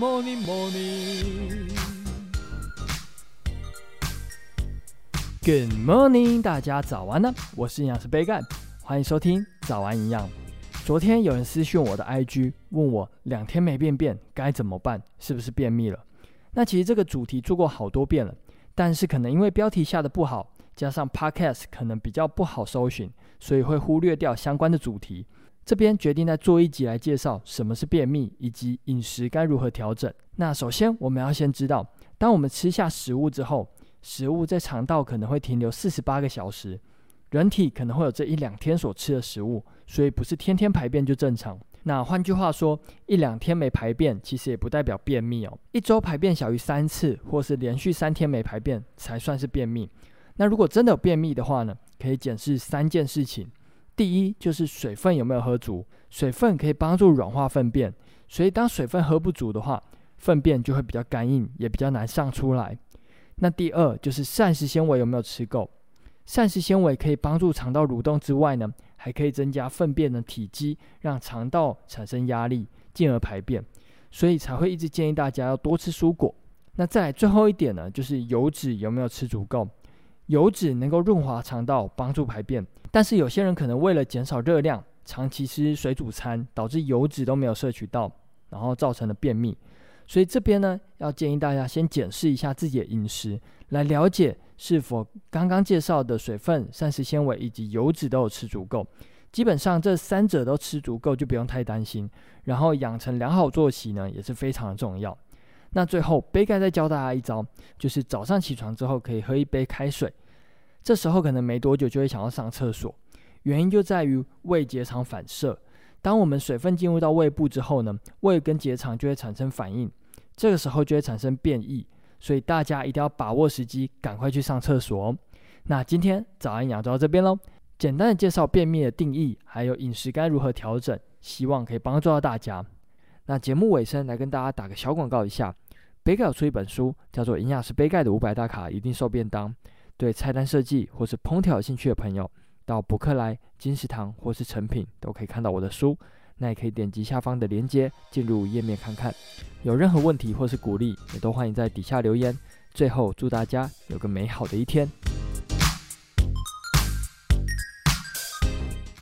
Morning, morning. Good morning，大家早安呢，我是營養師杯蓋，歡迎收聽早安營養。昨天有人私訊我的 IG，問我兩天沒便便該怎麼辦，是不是便秘了？那其實這個主題做過好多遍了，但是可能因為標題下得不好，加上 Podcast 可能比較不好搜尋，所以會忽略掉相關的主題。這邊決定再做一集來介紹什麼是便秘，以及飲食該如何調整。那首先我們要先知道，當我們吃下食物之後，食物在腸道可能會停留四十八個小時，人體可能會有這一兩天所吃的食物，所以不是天天排便就正常。那換句話說，一兩天沒排便，其實也不代表便秘哦。一周排便小於三次，或是連續三天沒排便，才算是便秘。那如果真的有便秘的話呢，可以檢視三件事情。第一，就是水分有沒有喝足，水分可以幫助軟化糞便，所以當水分喝不足的話，糞便就會比較乾硬，也比較難上出來。那第二，就是膳食纖維有沒有吃夠，膳食纖維可以幫助腸道蠕動之外呢，還可以增加糞便的體積，讓腸道產生壓力，進而排便，所以才會一直建議大家要多吃蔬果。那再來最後一點呢，就是油脂有沒有吃足夠。油脂能夠潤滑腸道，幫助排便，但是有些人可能為了減少熱量，長期吃水煮餐，導致油脂都沒有攝取到，然後造成了便秘。所以這邊呢，要建議大家先檢視一下自己的飲食，來了解是否剛剛介紹的水分、膳食纖維以及油脂都有吃足夠。基本上這三者都吃足夠，就不用太擔心。然後養成良好作息呢，也是非常的重要。那最後，杯蓋再教大家一招，就是早上起床之後可以喝一杯開水，這時候可能沒多久就會想要上廁所，原因就在於胃結腸反射。當我們水分進入到胃部之後呢，胃跟結腸就會產生反應，這個時候就會產生便意。所以大家一定要把握時機，趕快去上廁所哦。那今天早安營養就到這邊嘍，簡單的介紹便秘的定義，還有飲食該如何調整，希望可以幫助到大家。那節目尾聲，來跟大家打個小廣告一下，杯蓋有出一本書，叫做《營養師杯蓋的五百大卡一定瘦便當》，對菜單設計或是烹調有興趣的朋友，到博客來、金石堂或是誠品都可以看到我的書。那也可以點擊下方的鏈接進入頁面看看。有任何問題或是鼓勵，也都歡迎在底下留言。最後，祝大家有個美好的一天。